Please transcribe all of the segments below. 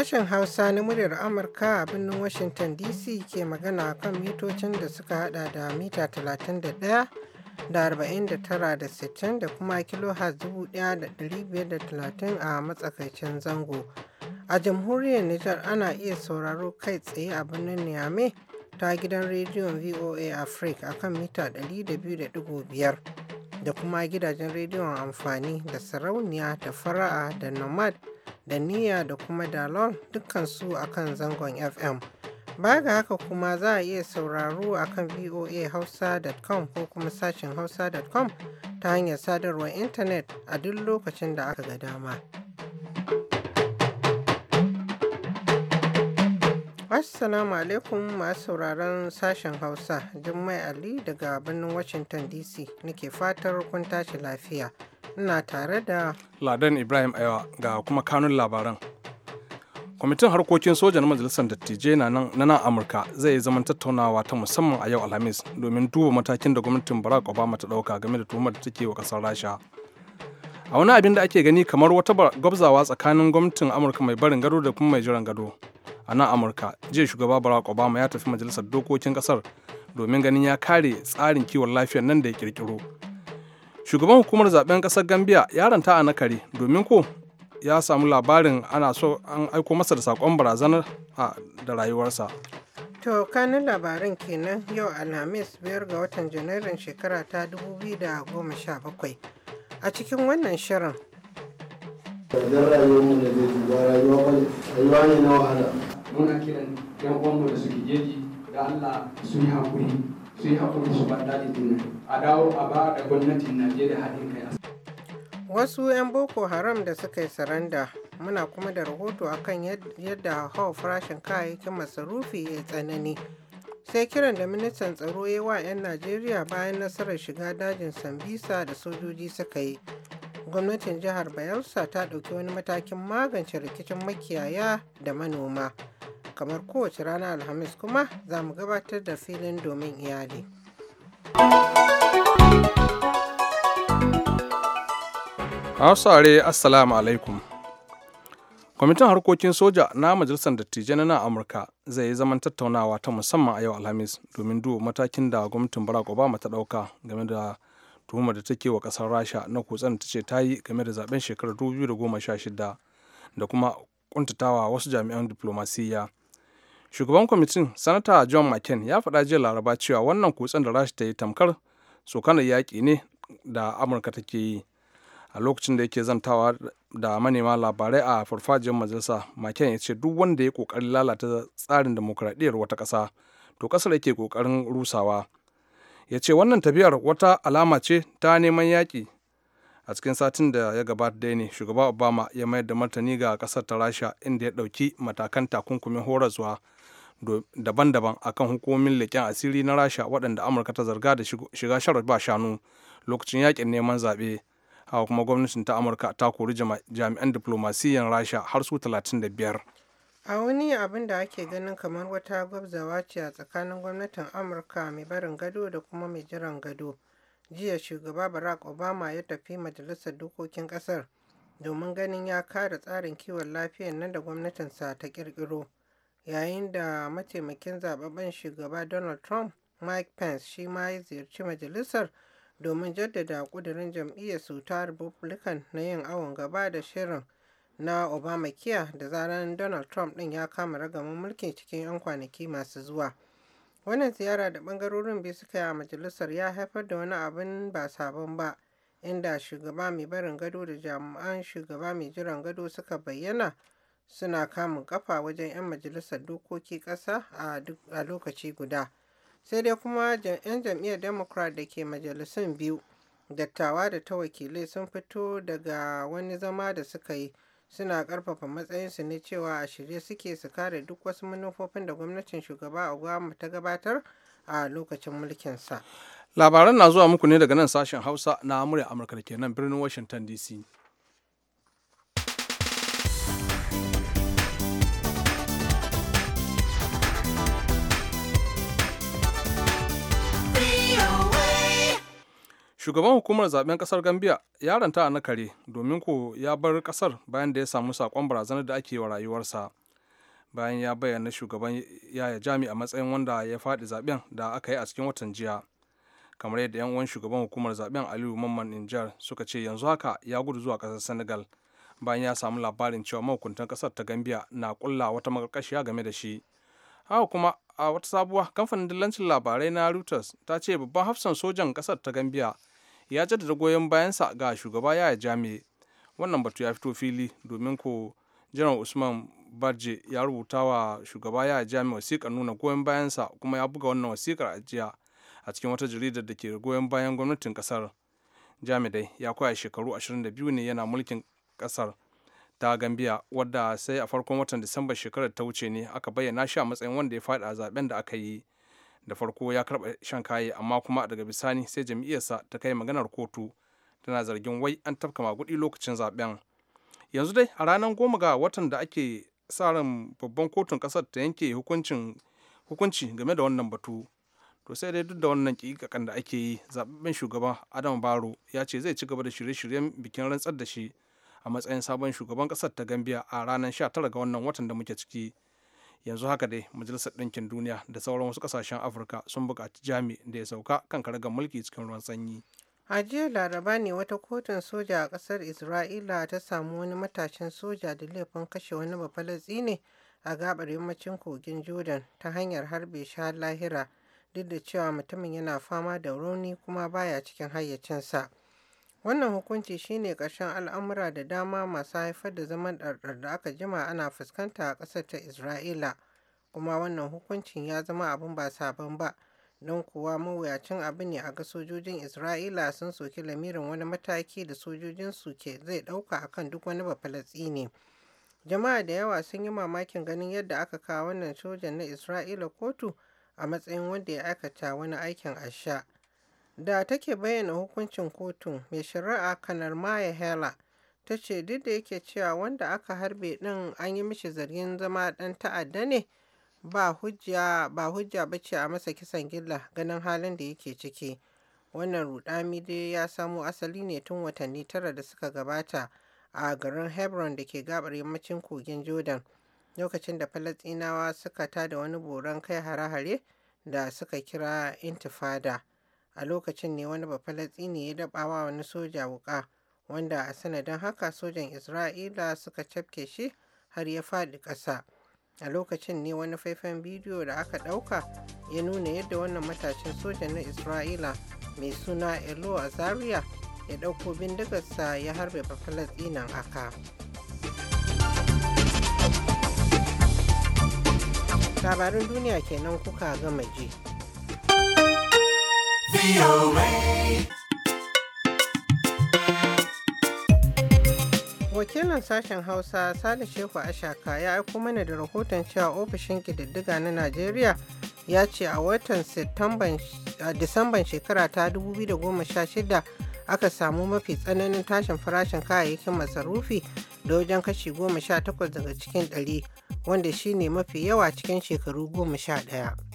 Sashen Hausa na muryar Amurka a birnin Washington DC ke magana kan mitocin da suka hada da mita 31 da da kuma a matsakaicin zango. A jamhuriyar Nijar ana iya sauraro kai tsaye a birnin Niamey ta gidan rediyon VOA Africa akan mita 200.5. da kuma gidajen rediyon amfani da sarauniya da fara'a da nomad da niyya da kuma dalol dukkansu akan zangon fm baya ga haka kuma za a iya sauraro akan voa hausa.com ko kuma sashen hausa.com ta hanyar sadarwar intanet a duk lokacin da aka ga dama. Assalamu alaikum masu sauraron sashen Hausa, Jummai Ali daga birnin Washington DC nake fatar kun tashi lafiya. Ina tare da Ladan Ibrahim Aiwa ga kuma kanun labaran. Kwamitin harkokin soja na Majalisar Dattijai na nan Amurka zai zama tattaunawa ta musamman a yau Alhamis domin duba matakin da gwamnatin Barack Obama ta ɗauka game da tuhumar da take wa kasar Rasha. A wani abin da ake gani kamar wata gwabzawa tsakanin gwamnatin Amurka mai barin gado da kuma mai jiran gado. a nan amurka jiya shugaba barack obama ya tafi majalisar dokokin kasar domin ganin ya kare tsarin kiwon lafiyar nan da ya kirkiro shugaban hukumar zaben kasar gambia ya ranta a nakare domin ko ya samu labarin ana so an aiko masa da sakon barazanar da rayuwarsa To kanin labarin kenan yau Alhamis biyar ga watan Janairun shekara ta 2017. A cikin wannan shirin. Idan rayuwar mu da zai rayuwa ne na wahala. muna kiran yan uwanmu da suke jeji da Allah su yi hakuri su yi hakuri su bar jikin nan a dawo a ba da gwamnatin Najeriya haɗin kai wasu 'yan boko haram da suka yi saranda muna kuma da rahoto akan yadda hauhawar farashin kayayyakin masarufi ya tsanani sai kiran da ministan tsaro ya wa 'yan najeriya bayan nasarar shiga dajin sambisa da sojoji suka yi gwamnatin jihar bayelsa ta ɗauki wani matakin magance rikicin makiyaya da manoma kamar kowace rana alhamis kuma za mu gabatar da filin domin iyali hausare assalamu alaikum kwamitin harkokin soja na majalisar dattijai na amurka zai yi zaman tattaunawa ta musamman a yau alhamis domin duba matakin da gwamnatin barack obama ta ɗauka game da tuhumar da take wa kasar rasha na kutsen ta ce ta yi game da zaben shekarar 2016 da kuma kuntatawa wasu jami'an diplomasiyya shugaban kwamitin sanata john mccain ya faɗa jiya laraba cewa wannan kutsen da rasha ta yi tamkar sokanar yaƙi ne da amurka take yi a lokacin da yake zantawa da manema labarai a farfajiyar majalisa mccain ya ce duk wanda ya kokarin lalata tsarin demokradiyyar wata ƙasa to ƙasar yake kokarin rusawa ya ce wannan tafiyar wata alama ce ta neman yaƙi a cikin satin da ya gabata dai ne shugaba obama ya mayar da martani ga kasar ta rasha inda ya ɗauki matakan takunkumin horaswa daban-daban akan hukumomin leƙen asiri na rasha waɗanda amurka ta zarga da shiga sharar ba shanu lokacin yakin neman zaɓe haka kuma gwamnatin ta amurka ta kori jami'an diplomasiyyar rasha har su 35 a wani abin da ake ganin kamar wata gwabzawa ce a tsakanin gwamnatin amurka mai barin gado da kuma mai jiran gado jiya shugaba barack obama ya tafi majalisar dokokin kasar domin ganin ya kare tsarin kiwon lafiyar nan da gwamnatinsa ta kirkiro yayin da mataimakin zababben shugaba donald trump mike pence shi ma ya ziyarci majalisar domin jaddada kudirin jam'iyyar su ta republican na yin awon gaba da shirin na obamacare da zaran donald trump din ya kama ragamin mulki cikin 'yan kwanaki masu zuwa wannan ziyara da bangarorin biyu suka yi a majalisar ya haifar da wani abin ba sabon ba inda shugaba mai barin gado da jami'an shugaba mai jiran gado suka bayyana suna kamun kafa wajen 'yan majalisar dokoki kasa a lokaci guda sai dai kuma 'yan jam'iyyar democrat da ke majalisun biyu dattawa da ta wakilai sun fito daga wani zama da suka yi suna ƙarfafa matsayinsu na cewa a shirye suke su kare duk wasu manufofin da gwamnatin shugaba a obama ta gabatar a lokacin mulkin sa. labaran na zuwa muku ne daga nan sashen hausa na amurya amurka da kenan birnin washington dc shugaban hukumar zaben kasar gambia ya ranta a kare domin ko ya bar kasar bayan da ya samu sakon barazanar da ake wa rayuwarsa bayan ya bayyana shugaban yaya jami a matsayin wanda ya faɗi zaben da aka yi a cikin watan jiya kamar yadda yan uwan shugaban hukumar zaben aliyu mamman nijar suka ce yanzu haka ya gudu zuwa kasar senegal bayan ya samu labarin cewa mahukuntan kasar ta gambia na kulla wata makarkashiya game da shi haka kuma a wata sabuwa kamfanin dillancin labarai na reuters ta ce babban hafsan sojan kasar ta gambia ya jaddada goyon bayansa ga shugaba yaya jami'a wannan batu ya fito fili domin ko janar usman barje ya rubuta wa shugaba ya jammeh wasikar nuna goyon bayansa kuma ya buga wannan wasikar ajiya a cikin wata jaridar da ke goyon bayan gwamnatin kasar jami'ai ya kwaya shekaru 22 ne yana mulkin kasar ta gambia wadda sai a farkon watan disamba shekarar ta wuce ne aka bayyana shi a matsayin wanda ya faɗi a zaben da aka yi da farko ya karɓa shan kaye amma kuma daga bisani sai jam'iyyarsa ta kai maganar kotu tana zargin wai an tafka maguɗi lokacin zaben yanzu dai a ranar goma ga watan da ake sa ran babban kotun ƙasar ta yanke hukunci game da wannan batu to sai dai duk da wannan kikakan da ake yi zababben shugaban adam baro ya ce zai ci gaba da shirye-shiryen bikin rantsar da shi a matsayin sabon shugaban ƙasar ta gambia a ranar 19 ga wannan watan da muke ciki yanzu haka dai majalisar ɗinkin duniya da sauran wasu ƙasashen afirka sun buƙaci jami da ya sauka kan karagar mulki cikin ruwan sanyi a jiya laraba ne wata kotun soja a ƙasar isra'ila ta samu wani matashin soja da laifin kashe wani bafalatsi ne a gabar yammacin kogin jordan ta hanyar harbe shi lahira duk da cewa mutumin yana fama da rauni kuma baya cikin hayyacinsa Wannan hukunci shine ƙarshen al'amura da dama masu haifar da zaman ɗarɗar da aka jima ana fuskanta a ƙasar ta Isra'ila, kuma wannan hukuncin ya zama abin ba sabon ba, don kuwa mawuyacin abu ne a ga sojojin Isra'ila sun soki lamirin wani mataki da sojojinsu ke zai ɗauka kan duk wani ne Jama'a da yawa sun yi mamakin ganin yadda aka kawo wannan sojan na Isra'ila kotu a matsayin wanda ya aikata wani aikin asha. da take bayyana hukuncin kotun mai shari'a kanar maya hela ta ce duk da yake cewa wanda aka harbe din an yi mishi zargin zama dan ta'adda ne ba hujja ba hujja ce a masa kisan gilla ganin halin da yake ciki wannan rudami dai ya samo asali ne tun watanni tara da suka gabata a garin hebron da ke gabar yammacin kogin jordan lokacin da Falasinawa suka tada wani boron kai hare-hare da suka kira intifada a lokacin ne wani bafalatsi ya wa wani soja wuƙa, wanda a sanadin haka sojan isra'ila suka cafke shi har ya faɗi ƙasa a lokacin ne wani faifan bidiyo da aka ɗauka ya nuna yadda wannan matashin sojan na isra'ila mai suna elo Zaria ya ɗauko bindigarsa ya harbe bafalatsinan aka labarin duniya kenan kuka gama je wakilin sashen hausa sale shehu ashaka ya aiko mana da rahoton cewa ofishin kididdiga na najeriya ya ce a watan disamban shekara ta 2016 aka samu mafi tsananin tashin farashin kayayyakin masarufi da wajen kashi 18 daga cikin 100 wanda shine mafi yawa cikin shekaru 11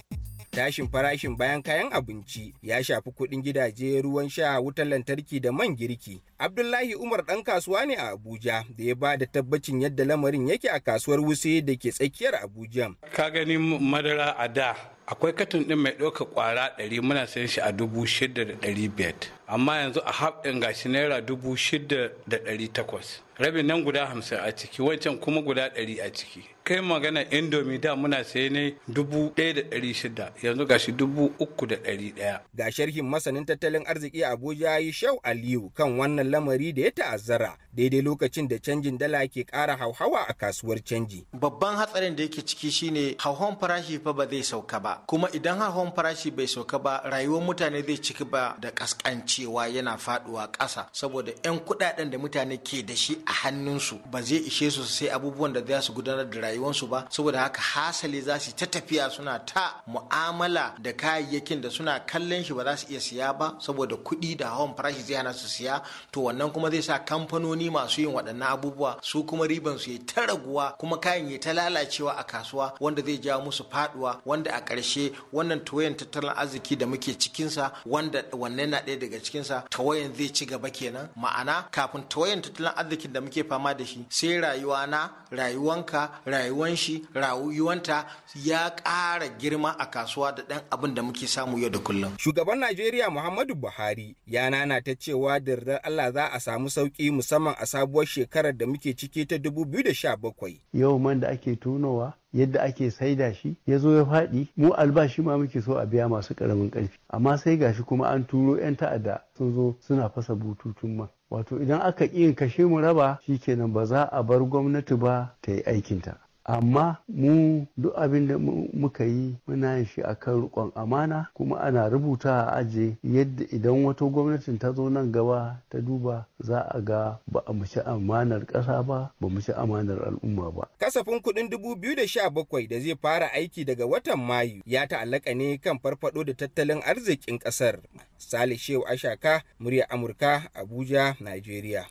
tashin farashin bayan kayan abinci ya shafi kuɗin gidaje ruwan sha wutar lantarki da man girki abdullahi umar ɗan kasuwa ne a abuja da ya ba da tabbacin yadda lamarin yake a kasuwar wuse da ke tsakiyar abuja ka gani madara a da akwai katon ɗin mai ɗauka ƙwara ɗari muna sayan shi a dubu shida da ɗari biyar amma yanzu a haɗin gashi naira dubu shida da ɗari takwas rabin nan guda hamsin a ciki wancan kuma guda ɗari a ciki kai magana indomi da muna sayi ne dubu ɗaya da ɗari shida yanzu gashi dubu uku da ɗari ɗaya. Ga sharhin masanin tattalin arziki Abuja ya yi Shau Aliyu kan wannan lamari da ya ta'azzara daidai lokacin da canjin dala ke ƙara hauhawa a kasuwar canji. Babban hatsarin da yake ciki shine hauhawan farashi fa ba zai sauka ba kuma idan hauhawan farashi bai sauka ba rayuwar mutane zai ciki ba da ƙasƙancewa yana faɗuwa ƙasa saboda 'yan kuɗaɗen da mutane ke da shi a hannunsu ba zai ishe su sai abubuwan da za su gudanar da rayuwa rayuwarsu ba saboda haka hasali za su ta tafiya suna ta mu'amala da kayayyakin da suna kallon shi ba za su iya siya ba saboda kuɗi da hawan farashi zai hana su siya to wannan kuma zai sa kamfanoni masu yin waɗannan abubuwa su kuma riban su ya ta raguwa kuma kayan ya ta lalacewa a kasuwa wanda zai jawo musu faɗuwa wanda a ƙarshe wannan tawayan tattalin arziki da muke cikinsa wanda wannan na ɗaya daga cikinsa tawayan zai ci gaba kenan ma'ana kafin tawayan tattalin arzikin da muke fama da shi sai rayuwa na rayuwanka rayuwa rayuwan shi rayuwanta ya ƙara girma a kasuwa da ɗan abin da muke samu yau da kullum. Shugaban Najeriya Muhammadu Buhari ya nana ta cewa da Allah za a samu sauki musamman a sabuwar shekarar da muke ciki ta 2017. Yau man da ake tunowa yadda ake saida shi ya zo ya faɗi mu albashi ma muke so a biya masu ƙaramin ƙarfi amma sai gashi kuma an turo 'yan ta'adda sun zo suna fasa bututun man wato idan aka iya kashe mu raba shi shikenan ba za a bar gwamnati ba ta yi aikinta amma mu duk abin da muka yi muna yin shi akan rikon amana kuma ana rubuta a aje yadda idan wata gwamnatin ta zo nan gaba ta duba za a ga ba a mace amanar ƙasa ba ba mu ci amanar al'umma ba kasafin kuɗin 2017 da zai fara aiki daga watan mayu ya ta'allaka ne kan farfado da tattalin arzikin ƙasar salishewa ashaka murya amurka abuja nigeria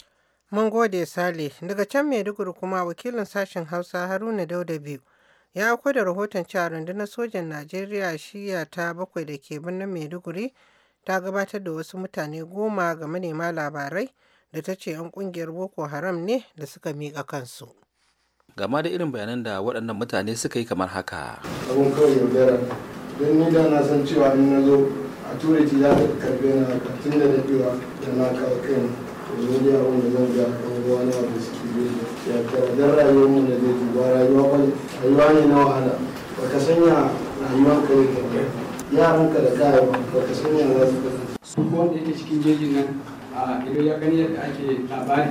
Mun gode Sale. Daga can Maiduguri kuma wakilin sashen Hausa Haruna Dauda biyu ya aiko da rahoton cewa rundunar sojan Najeriya shiya ta bakwai da ke birnin Maiduguri ta gabatar da wasu mutane goma ga manema labarai da ta ce 'yan kungiyar Boko Haram ne da suka miƙa kansu. Gama da irin bayanan da waɗannan mutane suka yi kamar haka. Abun kawai yaudara, don ni da na san cewa in na zo a turai za ta karbe na tun da na daɗewa da na kawo kai domin da yawon da zan ga ɗan ruwa na abu suke yi ya kara rayuwar mu da zai duba rayuwa ba rayuwa ne na wahala ba ka sanya rayuwar ka yi kamar yaranka da kayan ba ka sanya za su kasance. su kuma da yake cikin jejin nan a ido ya gani yadda ake labari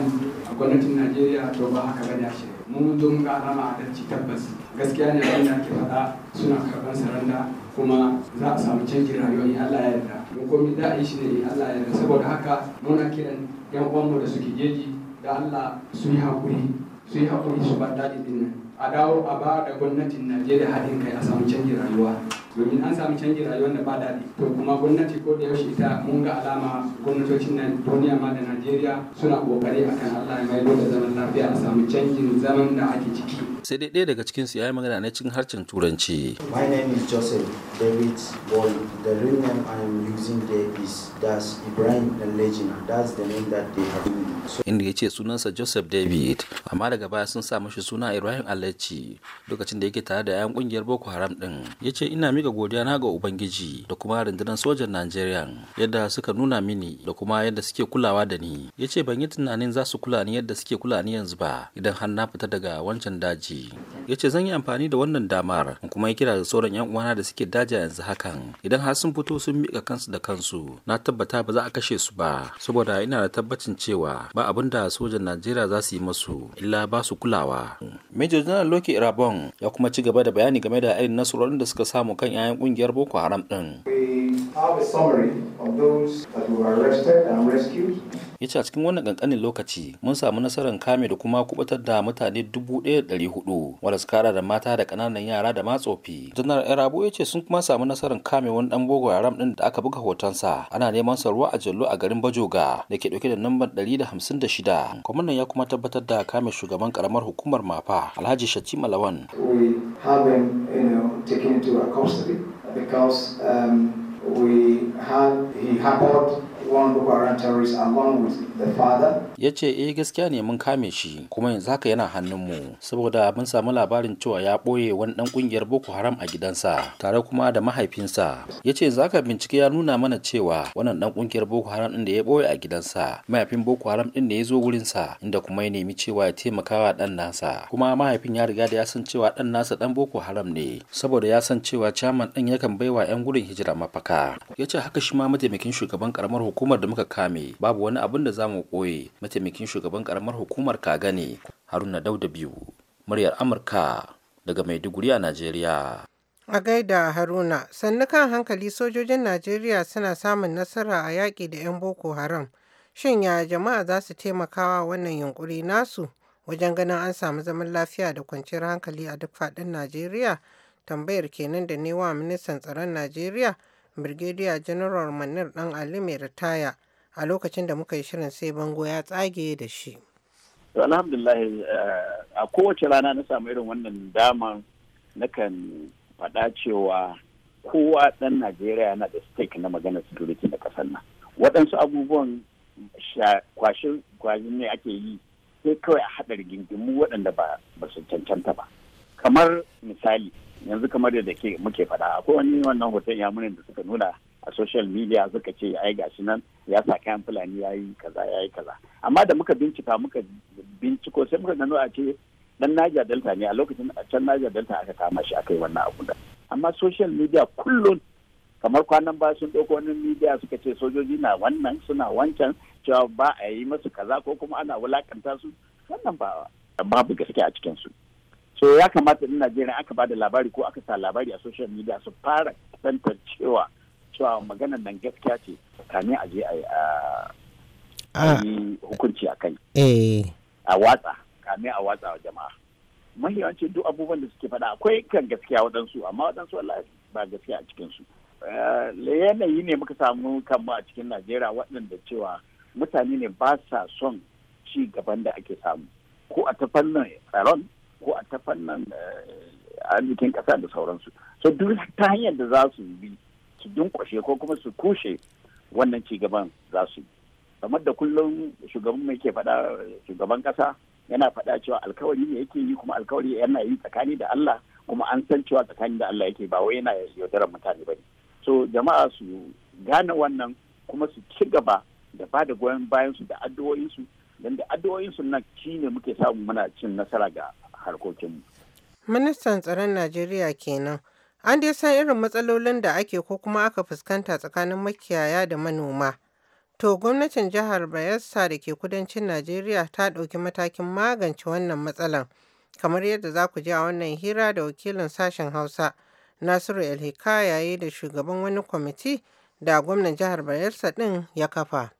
a gwamnatin najeriya to ba haka bane shi mun zo muka alama a kan ci tabbas gaskiya ne abin da ake faɗa suna karɓar saranda kuma za a samu canjin rayuwa in Allah ya yarda don komi da a yi shi ne in Allah ya yarda saboda haka muna kiran yan uwanmu da suke jeji da Allah su yi haƙuri su yi haƙuri su ba daɗi nan a dawo a ba da gwamnatin najeriya haɗin kai a samu canjin rayuwa domin an samu canjin rayuwa da ba daɗi to kuma gwamnati ko da yaushe ita mun ga alama gwamnatocin na duniya ma da najeriya suna kokari akan allah ya maido da zaman lafiya a samu canjin zaman da ake ciki sai dai ɗaya daga cikin ya yi magana na cikin harshen turanci my name is joseph david boy the real name i am using there is das ibrahim legina that's the name that they have inda ya ce sunansa joseph david amma daga baya sun sa mashi suna ibrahim Kalechi lokacin da yake tare da 'yan kungiyar Boko Haram din. Ya ce ina mika godiya na ga Ubangiji da kuma rundunar sojan Najeriya yadda suka nuna mini da kuma yadda suke kulawa da ni. Ya ce ban yi tunanin za su kula ni yadda suke kula ni yanzu ba idan har na fita daga wancan daji. Ya ce zan yi amfani da wannan damar kuma ya kira da sauran 'yan uwana da suke daji yanzu hakan idan har sun fito sun mika kansu da kansu na tabbata ba za a kashe su ba saboda ina da tabbacin cewa ba abin da sojan Najeriya za su yi masu illa ba su kulawa. Major janar loki rabon ya kuma ci gaba da bayani game da irin nasarorin da suka samu kan 'ya'yan kungiyar boko haram din we have a summary of those that were arrested and rescued. ya a cikin wannan kankanin lokaci mun samu nasarar kame da kuma kubatar da mutane 1,400 wadda su kara da mata da kananan yara da matsofi janar erabu ya ce sun kuma samu nasarar kame wani dan bogo haram din da aka buga hotonsa ana neman sa ruwa a jallo a garin bajoga da ke dauke da namban 156 kwamanan ya kuma tabbatar da kame shugaban karamar hukumar mafa alhaji shatti malawan we have been you know, taken to our custody because um, we had, he harbored yace e Ya ce eh gaskiya ne mun kame shi kuma yanzu haka yana hannun mu saboda mun samu labarin cewa ya boye wani dan ƙungiyar Boko Haram a gidansa tare kuma da mahaifinsa. Ya ce zaka bincike ya nuna mana cewa wannan ɗan ƙungiyar Boko Haram ɗin da ya boye a gidansa mahaifin Boko Haram ɗin da ya zo wurinsa inda kuma ya nemi cewa ya taimaka wa ɗan nasa kuma mahaifin ya riga da ya san cewa dan nasa dan Boko Haram ne saboda ya san cewa caman ɗin yakan baiwa 'yan gudun hijira mafaka. Ya ce haka shi ma mataimakin shugaban karamar hukuma. hukumar da muka kame babu wani abin da za mu koye mataimakin shugaban karamar hukumar kaga ne haruna dauda biyu muryar amurka daga maiduguri a najeriya a gaida haruna sannu kan hankali sojojin najeriya suna samun nasara a yaƙi da 'yan boko haram shin ya jama'a za su taimakawa wannan yunkuri nasu wajen ganin an samu zaman lafiya da kwanciyar hankali a duk faɗin najeriya tambayar kenan da ne wa ministan tsaron najeriya Brigadier General Manir Dan Ali mai ritaya a lokacin da muka yi shirin sai bango ya tsage da shi. Alhamdulillah eh, a kowace rana na samu irin wannan na nakan faɗa cewa kowa ɗan Najeriya yana da stake na maganar security da ƙasar nan. Waɗansu abubuwan kwashin ne ake yi sai kawai a haɗa rigingimu waɗanda ba su cancanta ba. kamar misali yanzu kamar yadda ke muke faɗa akwai wani wannan hoton yamunin da suka nuna a social media suka ce ai gashi nan ya sa kayan fulani ya yi kaza ya yi kaza amma da muka bincika muka binciko sai muka gano a ce dan naja Delta ne a lokacin a can naja Delta aka kama shi aka yi wannan abu da amma social media kullun kamar kwanan ba sun ɗauko wani media suka ce sojoji na wannan suna wancan cewa ba a yi masu kaza ko kuma ana wulakanta su wannan ba babu gaske a cikin su so ya kamata in najeriya aka ba da labari ko aka sa labari a social media su fara tantancewa cewa maganar nan gaskiya ce kamin a je a yi ah. hukunci a kai eh. a watsa kame a watsa wa jama'a mahiyawanci duk abubuwan da suke faɗa akwai kan gaskiya waɗansu amma waɗansu wallahi ba gaskiya a cikin cikinsu eh, yanayi ne muka samu kanmu a cikin najeriya waɗanda cewa mutane ne ba sa son ci gaban da ake samu ko a ta fannin tsaron ko a ta fannin eh, arzikin ƙasa da sauransu so duk ta hanyar da za su bi su dunkwashe ko kuma su kushe wannan cigaban za su yi kamar da kullum shugaban mai ke faɗa shugaban ƙasa yana faɗa cewa alkawari ne yake yi kuma alkawari yana yi tsakani da Allah kuma an san cewa tsakani da Allah yake ba wai yana yaudarar mutane ba ne so jama'a su gane wannan kuma su ci gaba da ba da goyon bayansu da addu'o'insu don da addu'o'insu nan shi ne muke samu muna cin nasara ga harkokinmu. Ministan tsaron Najeriya kenan. An dai san irin matsalolin da ake ko kuma aka fuskanta tsakanin makiyaya da manoma. To gwamnatin jihar Bayelsa da ke kudancin Najeriya ta ɗauki matakin magance wannan matsalan. Kamar yadda za ku ji a wannan hira da wakilin sashen Hausa Nasiru Elhika yayi da shugaban wani kwamiti da gwamnan jihar Bayelsa ɗin ya kafa.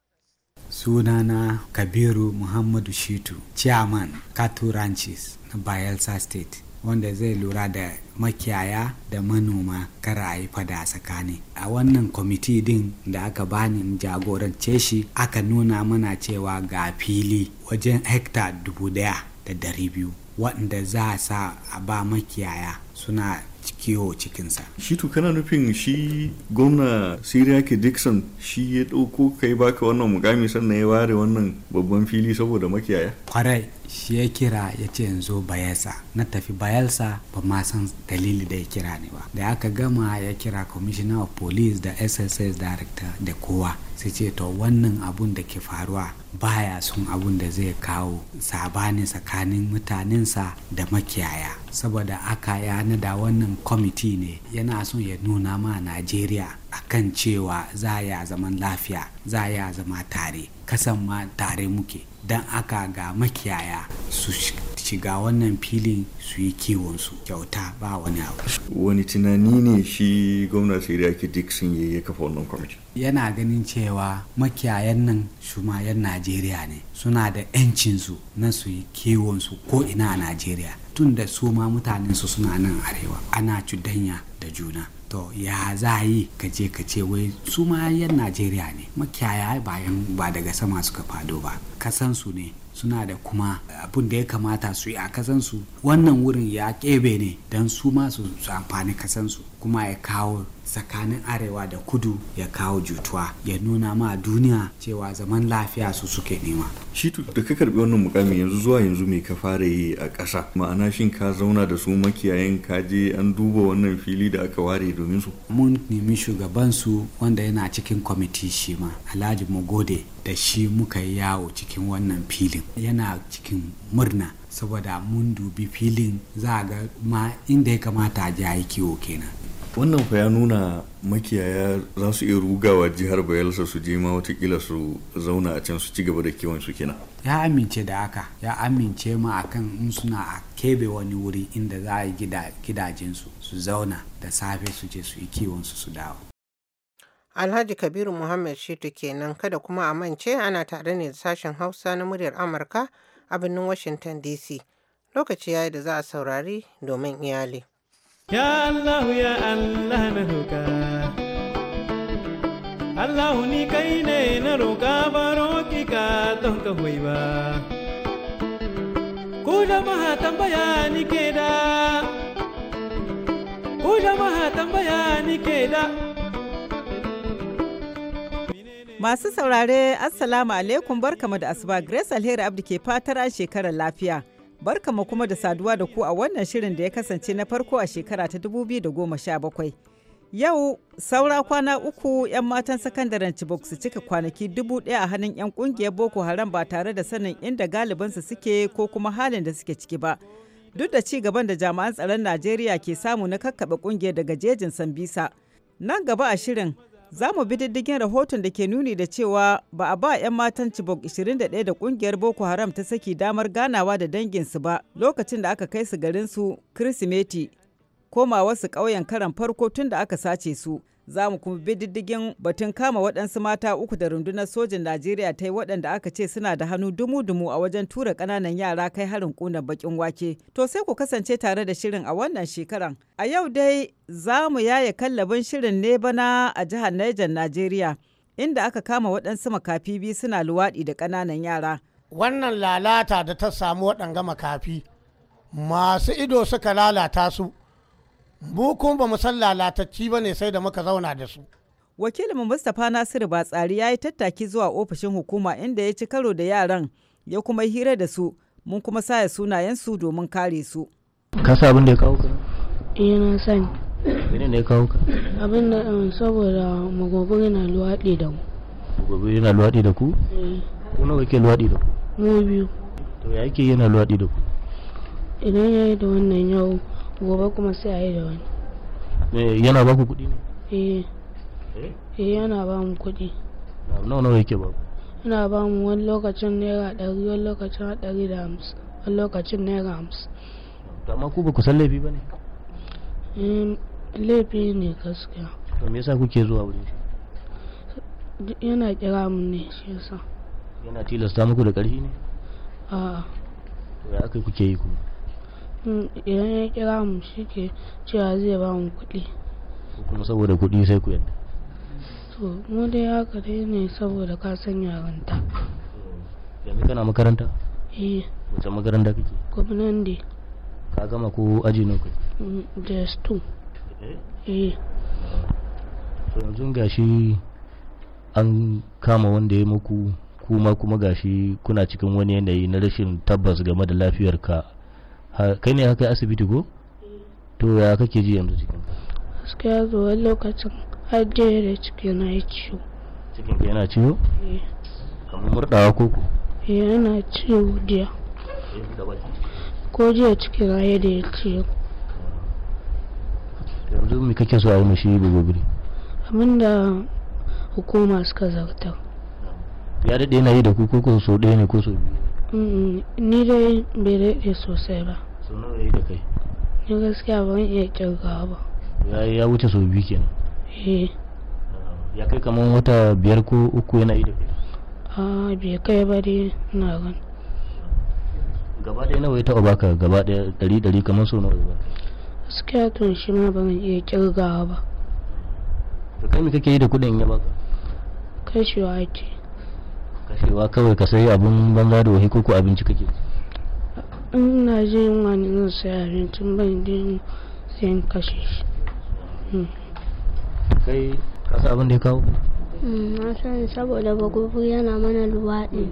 sunana kabiru muhammadu shitu chairman cattle ranches na bayelsa state wanda zai lura da makiyaya da manoma karayi a yi fada tsakani a wannan kwamiti din da aka bani jagorance shi aka nuna mana cewa ga fili wajen hekta dubu daya da dari biyu wanda za a sa a ba makiyaya suna kiwo cikinsa shi to kana nufin shi gwamna ke dixon shi ya ɗauko kai baka wannan mukami sannan ya ware wannan babban fili saboda makiyaya kwarai shi ya kira ya ce zo bayelsa na tafi bayelsa ba ma san dalili da ya kira ni ba da aka gama ya kira commissioner of police da sss director da kowa su ce to wannan abun da ke faruwa baya sun abun da zai kawo sabani tsakanin mutanensa da makiyaya saboda aka ya da wannan kwamiti ne yana son ya nuna ma najeriya kan cewa za ya zaman lafiya za ya zama tare kasan ma tare muke don aka ga makiyaya su shiga wannan filin su yi kiwonsu kyauta ba wani abu wani tunani ne shi gwamna sai ke dixon ya kafa wannan kwamitin yana ganin cewa makiyayan nan shumayen najeriya ne suna da 'yancinsu na su yi kiwonsu ko ina a najeriya tun da su ma mutanensu suna nan arewa ana cudanya da juna to ya za yi ka je ka ce wai su ma yan najeriya ne makiyaya bayan ba daga sama suka fado ba kasansu ne suna da kuma abin da ya kamata su yi a kasansu wannan wurin ya kebe ne don su ma su amfani kasansu kuma ya kawo tsakanin arewa da kudu ya kawo jutuwa ya nuna ma duniya cewa zaman lafiya su suke nema shi da ka karbi wannan mukami yanzu zuwa yanzu me ka fara yi a ƙasa ma'ana shin ka zauna da su makiyayin ka je an duba wannan fili da aka ware domin su mun nemi shugaban su wanda yana cikin kwamiti shi ma alhaji gode da shi muka yi yawo cikin wannan filin yana cikin murna saboda mun dubi filin za a ga ma inda ya kamata a ji a yi kiwo kenan wannan fa ya nuna makiyaya za su iya rugawa jihar bayelsa su je ma watakila su zauna a can su ci gaba da kiwon su kina ya amince da haka ya amince ma akan in suna a kebe wani wuri inda za a yi gidajensu su zauna da safe su je su yi kiwon su su dawo alhaji kabiru muhammad shitu kenan kada kuma a mance ana tare ne da sashen hausa na muryar amurka a birnin washington dc lokaci yayi da za a saurari domin iyali Ya Allah ya Allah na roƙa Allahu ni kai ne na roƙa baro ki ka don ka hoyi ba Ku jama'a tambaya ni ke da Ku jama'a tambaya ni ke da Masu saurare Assalamu alaikum barkamu da asuba Grace Alheri Abdi ke fatar an shekarar lafiya barkama kuma da saduwa da ku a wannan shirin da ya kasance na farko a shekara ta 2017. Yau saura kwana uku 'yan matan sakandaren Chibok su cika kwanaki dubu ɗaya a hannun 'yan ƙungiyar Boko Haram ba tare da sanin inda galibansu suke ko kuma halin da suke ciki ba. Duk da ci gaban da jami'an tsaron Najeriya ke samu na kakkaɓe ƙungiyar daga jejin Sambisa. Nan gaba a shirin za mu bi diddigin rahoton da ke nuni da cewa ba a ba 'yan matan cibok 21 da kungiyar Boko Haram ta saki damar ganawa da danginsu ba lokacin da aka kai su garinsu Kirsimeti, koma wasu ƙauyen karan farko tun da aka sace su. za mu kuma bi diddigin batun kama waɗansu mata uku da rundunar sojin najeriya ta yi waɗanda aka ce suna da hannu dumu-dumu a wajen tura ƙananan yara kai harin ƙuna bakin wake to sai ku kasance tare da shirin a wannan shekaran a yau dai za mu yaye kallabin shirin ne bana a jihar niger najeriya inda aka kama waɗansu makafi biyu suna luwaɗi da ƙananan yara wannan lalata da ta samu waɗanga makafi masu ido suka lalata su mu kuma ba mu san lalatacci ba ne sai da muka zauna da su wakilin mustapha nasiru batsari ya yi tattaki zuwa ofishin hukuma inda ya ci karo da yaran ya kuma hira da su mun kuma saya sunayensu domin kare su ka sa abin da ya kawo ka eh na sani abin da ya kawo ka abin da eh, saboda magogo yana luwaɗi da mu magogo yana luwaɗi da ku eh. ku nawa ke luwaɗi da ku mu biyu to ya yake yana luwaɗi da ku idan ya yi da wannan yau. gobe kuma sai a yi da wani eh, yana ba ku kuɗi ne eh, eh? eh yana ba mu kuɗi nawa nawa yake ba yana ba mu wani lokacin naira ɗari wani lokacin ɗari da hamsin wani lokacin naira hamsin amma ku ba ku san laifi ba ne laifi ne gaskiya to me yasa kuke zuwa wurin shi yana kira mu ne shi yasa yana tilasta muku da ƙarfi ne a'a to ya aka kuke yi kuma idan ya kira mu shi ke cewa zai ba mu kuɗi kuma saboda kuɗi sai ku yadda to mu dai haka dai ne saboda ka san yaranta yanzu kana makaranta eh wace makaranta kake gwamnan dai ka gama ko aji na ku da stu eh to yanzu gashi an kama wanda ya muku kuma kuma gashi kuna cikin wani yanayi na rashin tabbas game da lafiyarka kai ne aka yi asibiti ko to ya kake ji yanzu cikin gaskiya zuwa lokacin har da ciki na yi ciwo cikin ka yana ciwo eh. kamar murɗawa ko ko eh, yana ciwo jiya ko jiya ciki na da ya ciwo yanzu me kake so a yi mashi biri. abinda hukuma suka zartar ya daɗe na yi da ku ko so ɗaya ne ko so biyu Mm, ni dai bai daɗe sosai ba sau nawa ya da kai ni gaskiya ban iya kirgawa ba ya wuce sau biyu kenan eh ah, ya kai kamar wata biyar ko uku yana yi da kai a ah, bai kai ba dai na gan gaba ɗaya nawa ya taɓa baka gaba ɗaya ɗari ɗari kamar sau nawa ya baka gaskiya tun shi ma ban iya kirgawa ba to kai me kake yi da kuɗin ya baka kai shi wa ake kashewa kawai ka sayi abun banza da wahi koko abinci kake ina jin wani zan sai abincin ban sai sayan kashe shi hmm. kai kasa abin da ya kawo hmm, na san saboda bagubu yana mana luwaɗi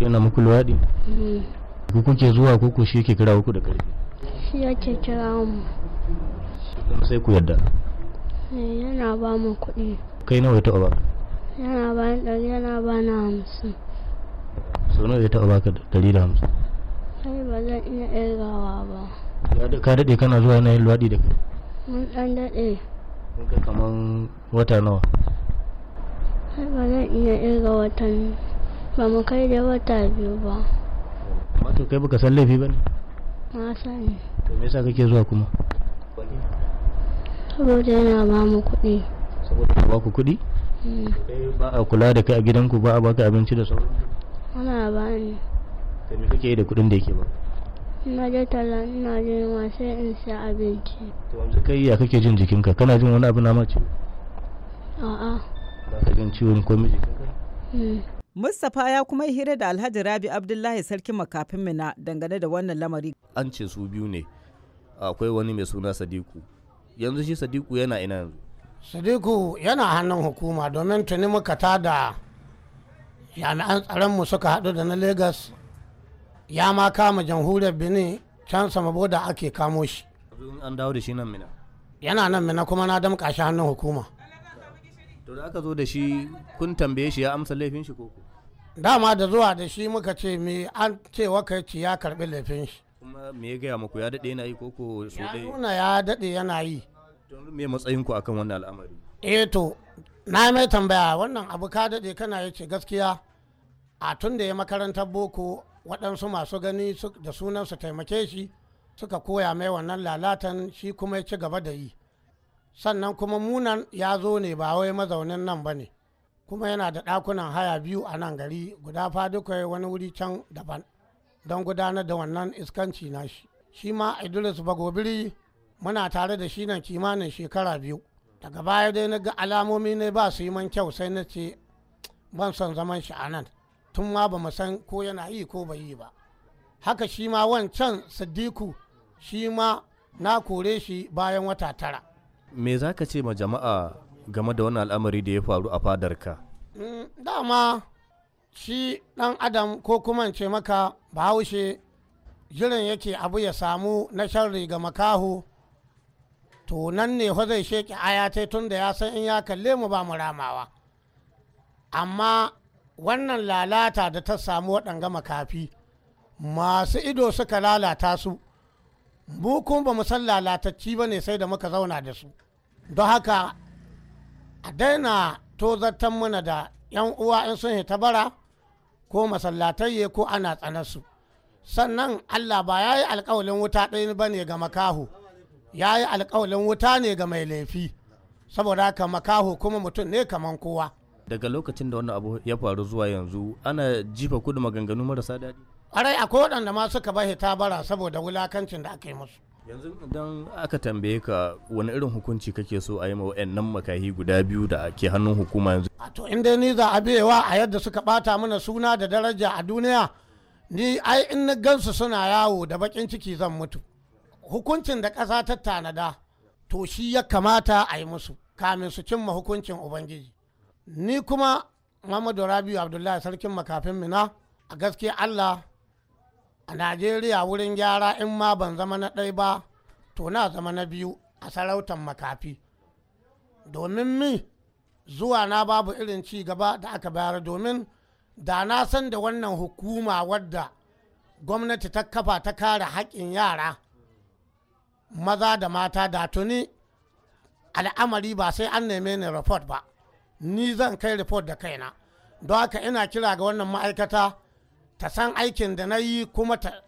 yana muku luwaɗi hmm. ku kuke zuwa ko shi yake kira ku da ƙarfi shi yake kira mu sai ku yadda eh, yana ba mu kuɗi kai nawa ya taɓa ba yana ba ɗari yana ba hamsin sau nawa ya taɓa baka ɗari da hamsin kai ba zan iya irgawa ba ka daɗe kana zuwa yanayin luwaɗi da kai mun ɗan daɗe mun kai kaman wata nawa kai ba zan iya irga watan ba mu kai da wata biyu ba amma to kai baka san laifi ba ne na sani to me yasa kake zuwa kuma saboda yana ba mu kuɗi saboda ba ku kuɗi Eh, ba a kula da kai a gidanku ba a baka abinci da sauran ana ba ni kai me kake yi da kuɗin da yake ba ina je talla ina je ma sai in sha abinci to yanzu kai ya kake jin jikinka kana jin wani abu na ma ciwo a'a ba ka jin ciwon komai jikinka hmm. Mustapha ya kuma yi hira da Alhaji Rabi Abdullahi Sarkin makafin Mina dangane da wannan lamari. An ce su biyu ne, akwai wani mai suna Sadiku. Yanzu shi Sadiku yana ina yanzu. sadiku yana hannun hukuma domin tuni muka da jami'an tsaronmu suka haɗu da na lagos ya ma kama jamhuriyar benin can sama boda ake kamo shi an dawo da shi nan mina yana nan mina kuma na damƙa shi hannun hukuma to da aka zo da shi kun tambaye shi ya amsa laifin shi koko dama da zuwa da shi muka ce me an ce waka ci ya karbi laifin shi kuma me ya gaya muku ya daɗe yana yi koko so ya nuna ya daɗe yana yi me matsayin ku akan wannan al'amari eh to na mai tambaya wannan abu ka daɗe kana yace gaskiya a tun da ya makarantar boko waɗansu masu gani da sunansu taimake shi suka koya mai wannan lalatan shi kuma ya ci gaba da yi sannan kuma munan ya zo ne ba wai mazaunin nan ba ne kuma yana da ɗakunan haya biyu a nan gari guda fadukwai wani wuri can daban don gudanar da wannan iskanci nashi shi ma idris bagobiri muna tare da shi nan kimanin shekara biyu daga baya dai na ga alamomi ne ba su yi man kyau sai na ce ban son zaman shi a nan tun ma ba san ko yana yi ko bai yi ba haka shi ma wancan siddiku shi ma na kore shi bayan wata tara me za ka ce ma jama'a game da wani al'amari da ya faru a fadarka mm, dama shi dan adam ko kuma ce maka bahaushe jiran yake abu ya samu na sharri ga makaho to nan ne fa zai sheki aya ta tun da ya san in ya kalle mu ba mu ramawa amma wannan lalata da ta samu waɗanga makafi masu ido suka lalata su mu ba mu san lalatacci ba ne sai da muka zauna da su don haka a daina tozartan mana da 'yan uwa in sun ta bara ko masallatayye ko ana tsanarsu sannan allah ba ya yi alkawalin wuta ɗaya ba ne ga makahu ya yi alkawalin wuta ne ga mai laifi saboda haka makaho kuma mutum ne kamar kowa daga lokacin da wannan abu ya faru zuwa yanzu ana jifa kudu maganganu marasa daɗi rai akwai waɗanda ma suka bahe tabara saboda wulakancin da aka yi musu yanzu idan aka tambaye ka wani irin hukunci kake so a yi nan makahi guda biyu da ke hannun hukuma yanzu a to inda ni za a biyewa a yadda suka bata mana suna da daraja a duniya ni ai in na gansu suna yawo da bakin ciki zan mutu hukuncin da ƙasa ta tanada to shi ya kamata a yi musu kamin su cimma hukuncin ubangiji ni kuma muhammadu rabiu abdullahi sarkin makafin mina a gaskiya allah a najeriya wurin gyara in ma ban zama na ɗai ba to na zama na biyu a sarautan makafi domin mi zuwa na babu irin ci gaba da aka bayar domin da na san da wannan hukuma wadda gwamnati ta kafa ta kare haƙƙin yara maza da mata da tuni al'amari ba sai an neme ni report ba ni zan kai report da kaina don haka ina kira ga wannan ma'aikata ta san aikin da na yi kuma ta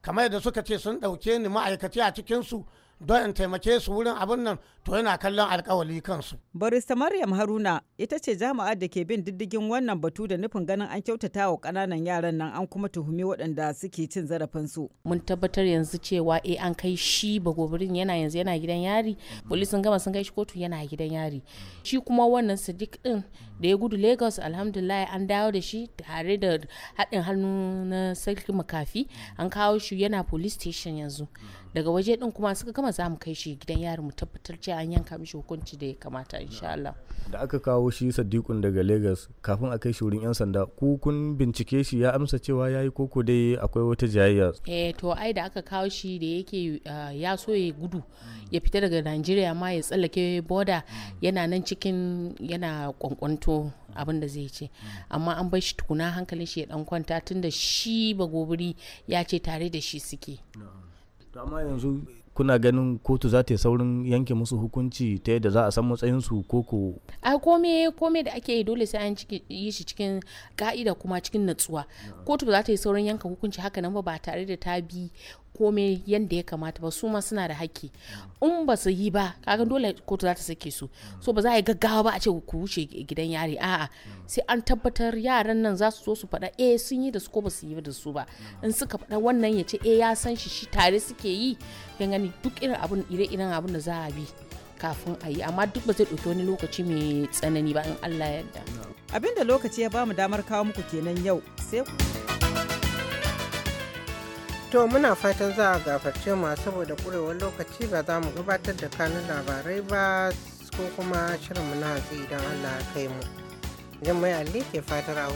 kamar da suka ce sun ɗauke ni ma'aikaci a cikinsu don in taimake su wurin abin nan to yana kallon alkawali kansu. Barista Maryam Haruna ita ce jama'a da ke bin diddigin wannan batu da nufin ganin an kyautata wa kananan yaran nan an kuma tuhumi waɗanda suke cin zarafin su. Mun tabbatar yanzu cewa eh an kai shi ba gobirin yana yanzu yana gidan yari, polis sun gama sun kai shi kotu yana gidan yari. Shi kuma wannan Sadiq din da ya gudu Lagos alhamdulillah an dawo da shi tare da haɗin hannu na sarki makafi an kawo shi yana police station yanzu. daga waje din kuma suka gama za mu kai shi gidan yari mu tabbatar cewa an yanka mishi hukunci da ya kamata insha Allah da aka kawo shi Sadiqun daga Lagos kafin a kai shi wurin yan sanda ku kun bincike shi ya amsa cewa yayi koko dai akwai wata jayayya eh to ai da aka kawo shi da yake ah, ya so ya gudu ya fita daga Najeriya ma ya tsallake boda yana nan cikin yana kwankwanto abin da zai ce amma an bar shi tukuna hankalin shi ya dan kwanta tunda shi bagobiri ya ce tare da shi suke to amma yanzu kuna ganin kotu za ta yi saurin yanke musu hukunci ta yadda za a san matsayinsu ko ko a kome kome da ake yi dole sai an yi shi cikin ka'ida kuma cikin natsuwa kotu za ta yi saurin yanka hukunci haka nan ba ba tare da ta bi komai yadda ya kamata ba su ma suna da haƙƙi in ba su yi ba kaga dole kotu za ta sake su so ba za a yi gaggawa ba a ce ku wuce gidan yari a'a sai an tabbatar yaran nan za su zo su faɗa eh sun yi da su ko ba su yi da su ba in suka faɗa wannan ya ce eh ya san shi shi tare suke yi kan gani duk irin abun ire-iren abun da za a bi kafin a yi amma duk ba zai ɗauki wani lokaci mai tsanani ba in Allah ya yarda abinda lokaci ya bamu damar kawo muku kenan yau sai ku To muna fatan za a gafarce mu saboda ƙurewar lokaci ba za mu gabatar da kanun labarai ba ko kuma shirin mu na hatsi idan Allah ya kai mu. Jummai alli ke fatar a